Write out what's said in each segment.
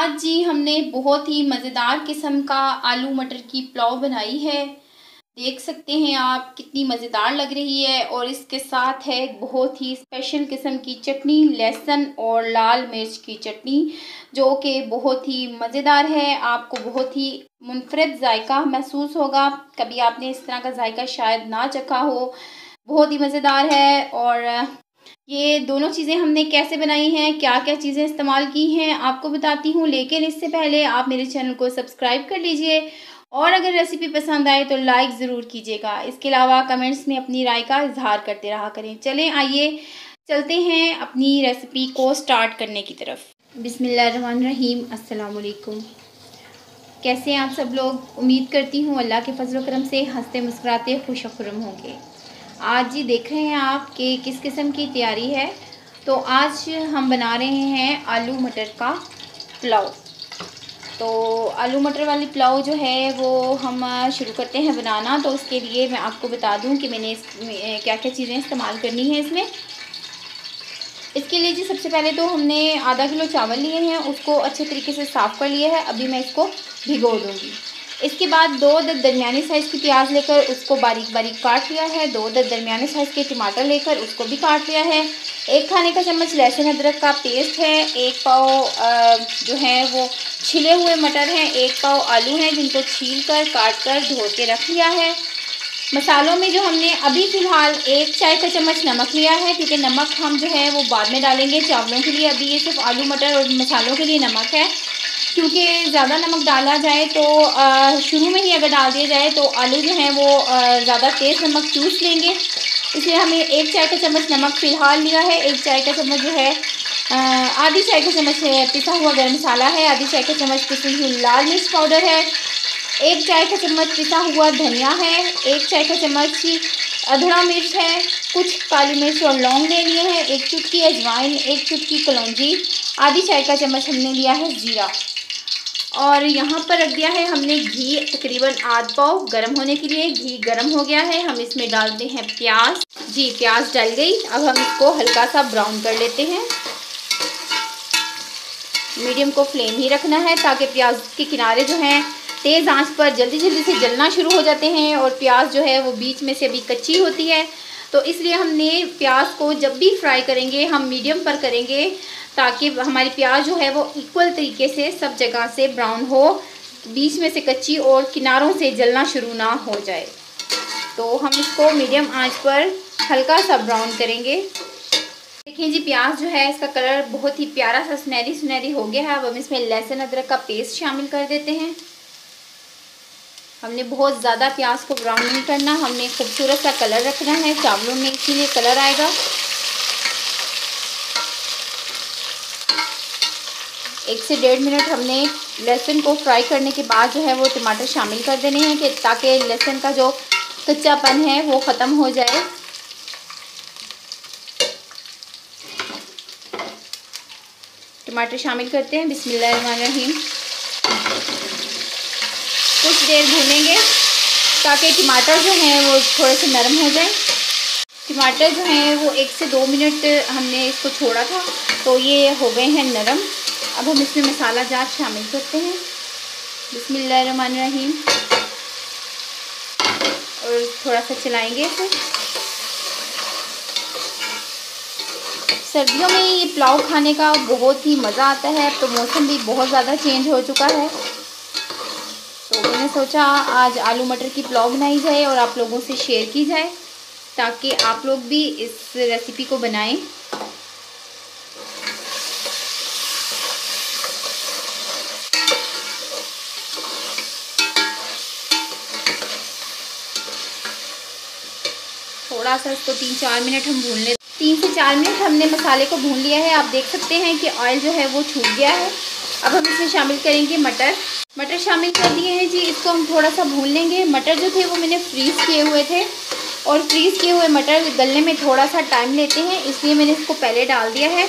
आज जी हमने बहुत ही मज़ेदार किस्म का आलू मटर की पुलाव बनाई है देख सकते हैं आप कितनी मज़ेदार लग रही है और इसके साथ है बहुत ही स्पेशल किस्म की चटनी लहसुन और लाल मिर्च की चटनी जो कि बहुत ही मज़ेदार है आपको बहुत ही मुनफरद जायका महसूस होगा कभी आपने इस तरह का जायका शायद ना चखा हो बहुत ही मज़ेदार है और ये दोनों चीज़ें हमने कैसे बनाई हैं क्या क्या चीज़ें इस्तेमाल की हैं आपको बताती हूँ लेकिन इससे पहले आप मेरे चैनल को सब्सक्राइब कर लीजिए और अगर रेसिपी पसंद आए तो लाइक ज़रूर कीजिएगा इसके अलावा कमेंट्स में अपनी राय का इजहार करते रहा करें चलें आइए चलते हैं अपनी रेसिपी को स्टार्ट करने की तरफ बिसमीम असलकुम कैसे हैं आप सब लोग उम्मीद करती हूँ अल्लाह के फजल करम से हंसते मुस्कुराते खुश होंगे आज जी देख रहे हैं आप कि किस किस्म की तैयारी है तो आज हम बना रहे हैं आलू मटर का पुलाव तो आलू मटर वाली पुलाव जो है वो हम शुरू करते हैं बनाना तो उसके लिए मैं आपको बता दूं कि मैंने इस क्या क्या चीज़ें इस्तेमाल करनी है इसमें इसके लिए जी सबसे पहले तो हमने आधा किलो चावल लिए हैं उसको अच्छे तरीके से साफ़ कर लिया है अभी मैं इसको भिगो दूँगी इसके बाद दो दर दरमिया साइज़ की प्याज लेकर उसको बारीक बारीक काट लिया है दो दर दरमिया साइज़ के टमाटर लेकर उसको भी काट लिया है एक खाने का चम्मच लहसुन अदरक का पेस्ट है एक पाव जो है वो छिले हुए मटर हैं एक पाव आलू हैं जिनको छील कर काट कर धो के रख लिया है मसालों में जो हमने अभी फ़िलहाल एक चाय का चम्मच नमक लिया है क्योंकि नमक हम जो है वो बाद में डालेंगे चावलों के लिए अभी ये सिर्फ आलू मटर और मसालों के लिए नमक है क्योंकि ज़्यादा नमक डाला जाए तो शुरू में ही अगर डाल दिया जाए तो आलू जो हैं वो ज़्यादा तेज़ नमक चूस लेंगे इसलिए हमें एक चाय का चम्मच नमक फ़िलहाल लिया है एक चाय का चम्मच जो है आधी चाय का चम्मच पिसा हुआ गर्म मसाला है आधी चाय का चम्मच पिसी हुई लाल मिर्च पाउडर है एक चाय का चम्मच पिसा हुआ धनिया है एक चाय का चम्मच अधड़ा मिर्च है कुछ काली मिर्च और लौंग ले लिए हैं एक चुटकी अजवाइन एक चुटकी कलौजी आधी चाय का चम्मच हमने लिया है जीरा और यहाँ पर रख दिया है हमने घी तकरीबन आध पाव गर्म होने के लिए घी गर्म हो गया है हम इसमें डालते हैं प्याज जी प्याज डल गई अब हम इसको हल्का सा ब्राउन कर लेते हैं मीडियम को फ्लेम ही रखना है ताकि प्याज के किनारे जो हैं तेज़ आंच पर जल्दी जल्दी से जलना शुरू हो जाते हैं और प्याज जो है वो बीच में से अभी कच्ची होती है तो इसलिए हमने प्याज को जब भी फ्राई करेंगे हम मीडियम पर करेंगे ताकि हमारी प्याज जो है वो इक्वल तरीके से सब जगह से ब्राउन हो बीच में से कच्ची और किनारों से जलना शुरू ना हो जाए तो हम इसको मीडियम आंच पर हल्का सा ब्राउन करेंगे देखिए जी प्याज जो है इसका कलर बहुत ही प्यारा सा सुनहरी सुनहरी हो गया है अब हम इसमें लहसुन अदरक का पेस्ट शामिल कर देते हैं हमने बहुत ज़्यादा प्याज को ब्राउन नहीं करना हमने खूबसूरत सा कलर रखना है चावलों में इसीलिए कलर आएगा एक से डेढ़ मिनट हमने लहसुन को फ्राई करने के बाद जो है वो टमाटर शामिल कर देने हैं कि ताकि लहसुन का जो कच्चापन है वो ख़त्म हो जाए टमाटर शामिल करते हैं बिस्मिल्लाहिर्रहमानिर्रहीम कुछ देर भूनेंगे ताकि टमाटर जो हैं वो थोड़े से नरम हो जाए टमाटर जो हैं वो एक से दो मिनट हमने इसको छोड़ा था तो ये हो गए हैं नरम अब हम इसमें मसाला जात शामिल करते हैं बसमीम और थोड़ा सा चलाएंगे इसे सर्दियों में ये पुलाव खाने का बहुत ही मज़ा आता है तो मौसम भी बहुत ज़्यादा चेंज हो चुका है तो मैंने सोचा आज आलू मटर की पुलाव बनाई जाए और आप लोगों से शेयर की जाए ताकि आप लोग भी इस रेसिपी को बनाएं थोड़ा सा इसको तीन चार मिनट हम भून लें तीन से चार मिनट हमने मसाले को भून लिया है आप देख सकते हैं कि ऑयल जो है वो छूट गया है अब हम इसमें शामिल करेंगे मटर मटर शामिल कर दिए हैं जी इसको हम थोड़ा सा भून लेंगे मटर जो थे वो मैंने फ्रीज़ किए हुए थे और फ्रीज़ किए हुए मटर गलने में थोड़ा सा टाइम लेते हैं इसलिए मैंने इसको पहले डाल दिया है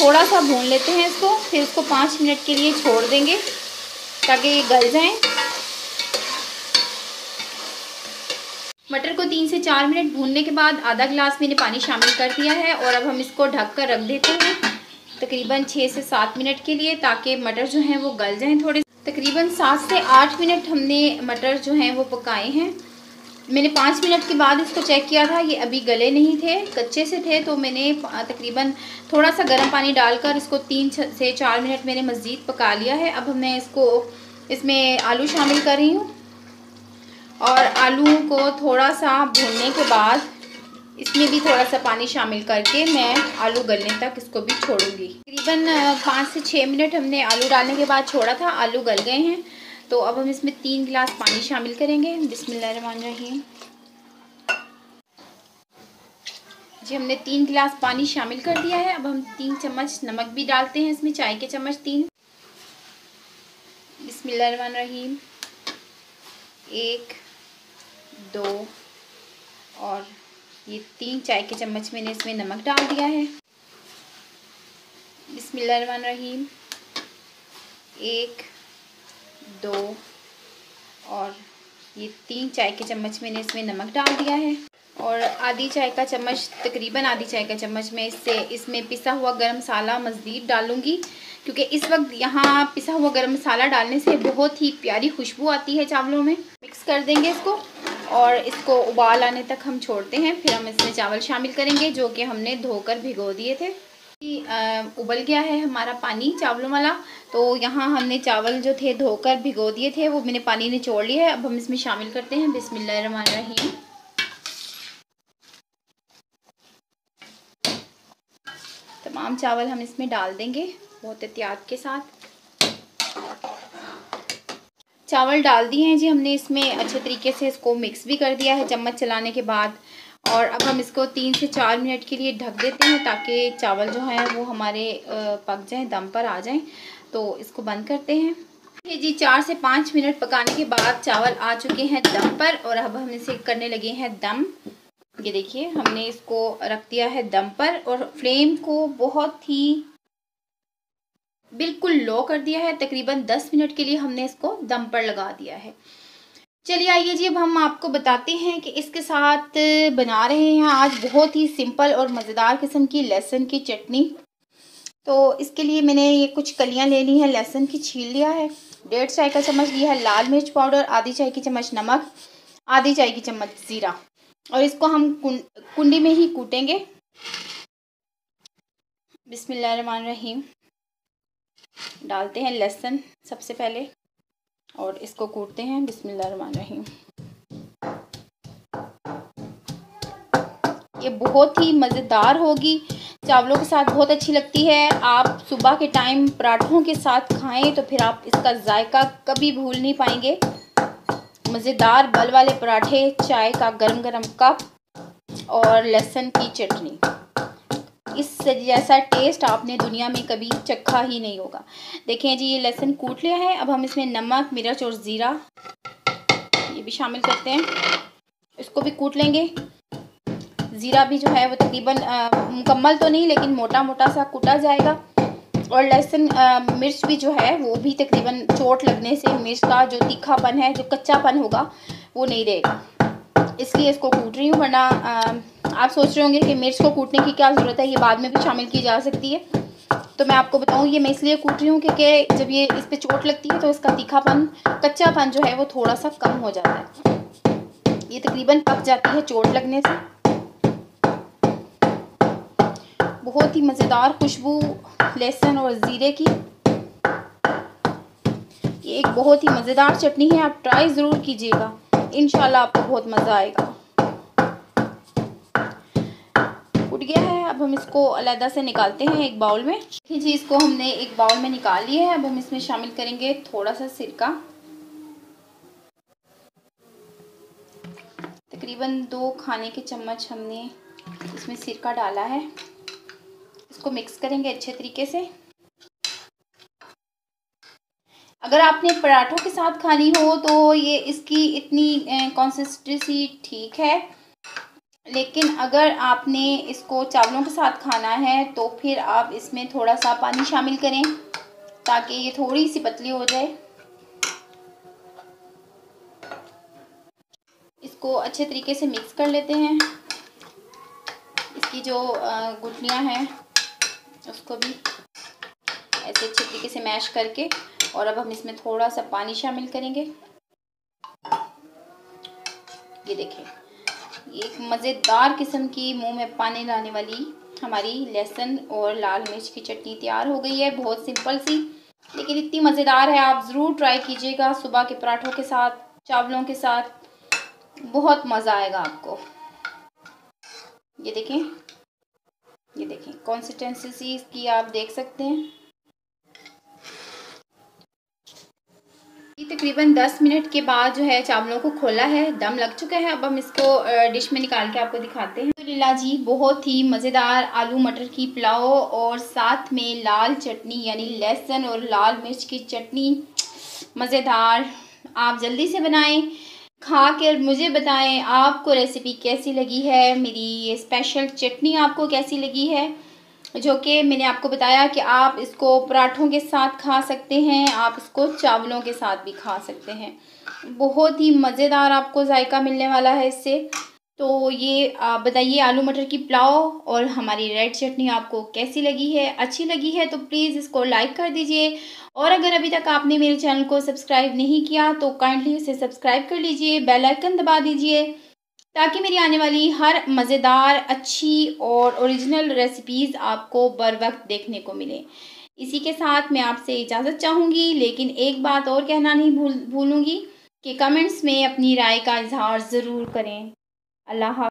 थोड़ा सा भून लेते हैं इसको फिर इसको पाँच मिनट के लिए छोड़ देंगे ताकि ये गल जाएँ मटर को तीन से चार मिनट भूनने के बाद आधा गिलास मैंने पानी शामिल कर दिया है और अब हम इसको ढक कर रख देते हैं तकरीबन छः से सात मिनट के लिए ताकि मटर जो हैं वो गल जाएं थोड़े तकरीबन सात से आठ मिनट हमने मटर जो हैं वो पकाए हैं मैंने पाँच मिनट के बाद इसको चेक किया था ये अभी गले नहीं थे कच्चे से थे तो मैंने तकरीबन थोड़ा सा गर्म पानी डालकर इसको तीन से चार मिनट मैंने मज़ीद पका लिया है अब मैं इसको इसमें आलू शामिल कर रही हूँ और आलू को थोड़ा सा भूनने के बाद इसमें भी थोड़ा सा पानी शामिल करके मैं आलू गलने तक इसको भी छोड़ूंगी तकरीबन पाँच से छः मिनट हमने आलू डालने के बाद छोड़ा था आलू गल गए हैं तो अब हम इसमें तीन गिलास पानी शामिल करेंगे रही जी हमने तीन गिलास पानी शामिल कर दिया है अब हम तीन चम्मच नमक भी डालते हैं इसमें चाय के चम्मच तीन रहीम एक दो और ये तीन चाय के चम्मच मैंने इसमें नमक डाल दिया है बसमिल्लामान रहीम एक दो और ये तीन चाय के चम्मच मैंने इसमें नमक डाल दिया है और आधी चाय का चम्मच तकरीबन आधी चाय का चम्मच मैं इससे इसमें पिसा हुआ गरम मसाला मज़ीद डालूंगी क्योंकि इस वक्त यहाँ पिसा हुआ गरम मसाला डालने से बहुत ही प्यारी खुशबू आती है चावलों में मिक्स कर देंगे इसको और इसको उबाल आने तक हम छोड़ते हैं फिर हम इसमें चावल शामिल करेंगे जो कि हमने धोकर भिगो दिए थे उबल गया है हमारा पानी चावलों वाला तो यहाँ हमने चावल जो थे धोकर भिगो दिए थे वो मैंने पानी निचोड़ लिया है अब हम इसमें शामिल करते हैं बिसमिल्लर रही तमाम चावल हम इसमें डाल देंगे बहुत एहतियात के साथ चावल डाल दिए हैं जी हमने इसमें अच्छे तरीके से इसको मिक्स भी कर दिया है चम्मच चलाने के बाद और अब हम इसको तीन से चार मिनट के लिए ढक देते हैं ताकि चावल जो हैं वो हमारे पक जाएं दम पर आ जाएं तो इसको बंद करते हैं ये जी चार से पाँच मिनट पकाने के बाद चावल आ चुके हैं दम पर और अब हम इसे करने लगे हैं दम ये देखिए हमने इसको रख दिया है दम पर और फ्लेम को बहुत ही बिल्कुल लो कर दिया है तकरीबन दस मिनट के लिए हमने इसको दम पर लगा दिया है चलिए आइए जी अब हम आपको बताते हैं कि इसके साथ बना रहे हैं आज बहुत ही सिंपल और मज़ेदार किस्म की लहसुन की चटनी तो इसके लिए मैंने ये कुछ कलियाँ ले ली हैं लहसुन की छील लिया है डेढ़ चाय का चम्मच लिया है लाल मिर्च पाउडर आधी चाय की चम्मच नमक आधी चाय की चम्मच ज़ीरा और इसको हम कुंडी में ही कूटेंगे बिसमीम डालते हैं लहसुन सबसे पहले और इसको कूटते हैं बिस्मिल्लाहमान ये बहुत ही मज़ेदार होगी चावलों के साथ बहुत अच्छी लगती है आप सुबह के टाइम पराठों के साथ खाएं तो फिर आप इसका जायका कभी भूल नहीं पाएंगे मज़ेदार बल वाले पराठे चाय का गरम गरम कप और लहसुन की चटनी इस जैसा टेस्ट आपने दुनिया में कभी चखा ही नहीं होगा देखें जी ये लहसुन कूट लिया है अब हम इसमें नमक मिर्च और ज़ीरा ये भी शामिल करते हैं इसको भी कूट लेंगे ज़ीरा भी जो है वो तकरीबन मुकम्मल तो नहीं लेकिन मोटा मोटा सा कूटा जाएगा और लहसुन मिर्च भी जो है वो भी तकरीबन चोट लगने से मिर्च का जो तीखापन है जो कच्चापन होगा वो नहीं रहेगा इसलिए इसको कूट रही हूँ वरना आप सोच रहे होंगे कि मिर्च को कूटने की क्या ज़रूरत है ये बाद में भी शामिल की जा सकती है तो मैं आपको बताऊँ ये मैं इसलिए कूट रही हूँ क्योंकि जब ये इस पर चोट लगती है तो इसका तीखापन कच्चापन जो है वो थोड़ा सा कम हो जाता है ये तकरीबन पक जाती है चोट लगने से बहुत ही मज़ेदार खुशबू लहसुन और ज़ीरे की ये एक बहुत ही मज़ेदार चटनी है आप ट्राई ज़रूर कीजिएगा इन आपको बहुत मज़ा आएगा फूट गया है अब हम इसको अलहदा से निकालते हैं एक बाउल में ठीक जी इसको हमने एक बाउल में निकाल लिया है अब हम इसमें शामिल करेंगे थोड़ा सा सिरका तकरीबन दो खाने के चम्मच हमने इसमें सिरका डाला है इसको मिक्स करेंगे अच्छे तरीके से अगर आपने पराठों के साथ खानी हो तो ये इसकी इतनी कंसिस्टेंसी ठीक है लेकिन अगर आपने इसको चावलों के साथ खाना है तो फिर आप इसमें थोड़ा सा पानी शामिल करें ताकि ये थोड़ी सी पतली हो जाए इसको अच्छे तरीके से मिक्स कर लेते हैं इसकी जो गुटनियाँ हैं उसको भी ऐसे अच्छे तरीके से मैश करके और अब हम इसमें थोड़ा सा पानी शामिल करेंगे ये देखें एक मज़ेदार किस्म की मुंह में पानी लाने वाली हमारी लहसुन और लाल मिर्च की चटनी तैयार हो गई है बहुत सिंपल सी लेकिन इतनी मज़ेदार है आप ज़रूर ट्राई कीजिएगा सुबह के पराठों के साथ चावलों के साथ बहुत मज़ा आएगा आपको ये देखें ये देखें कॉन्सिस्टेंसी इसकी आप देख सकते हैं तकरीबन 10 मिनट के बाद जो है चावलों को खोला है दम लग चुका है अब हम इसको डिश में निकाल के आपको दिखाते हैं तो लीला जी बहुत ही मज़ेदार आलू मटर की पुलाव और साथ में लाल चटनी यानी लहसुन और लाल मिर्च की चटनी मज़ेदार आप जल्दी से बनाएं खा कर मुझे बताएं आपको रेसिपी कैसी लगी है मेरी ये स्पेशल चटनी आपको कैसी लगी है जो कि मैंने आपको बताया कि आप इसको पराठों के साथ खा सकते हैं आप इसको चावलों के साथ भी खा सकते हैं बहुत ही मज़ेदार आपको जायका मिलने वाला है इससे तो ये बताइए आलू मटर की पुलाव और हमारी रेड चटनी आपको कैसी लगी है अच्छी लगी है तो प्लीज़ इसको लाइक कर दीजिए और अगर अभी तक आपने मेरे चैनल को सब्सक्राइब नहीं किया तो काइंडली इसे सब्सक्राइब कर लीजिए बेलाइकन दबा दीजिए ताकि मेरी आने वाली हर मज़ेदार अच्छी और ओरिजिनल रेसिपीज़ आपको बर वक्त देखने को मिले इसी के साथ मैं आपसे इजाज़त चाहूँगी लेकिन एक बात और कहना नहीं भूल भूलूँगी कि कमेंट्स में अपनी राय का इजहार ज़रूर करें अल्लाह